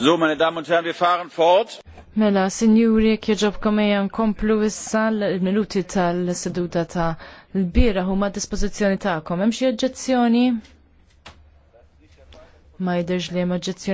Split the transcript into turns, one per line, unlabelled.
So, meine Damen und Herren, wir fahren fort.
Mela, sinjuri, kieġobkom komejan komplu issa l-minuti tal-seduta ta' l-bira huma dispozizjoni ta'kom. Hemm xi oġġezzjoni?
Ma jidirx li hemm oġġezzjoni.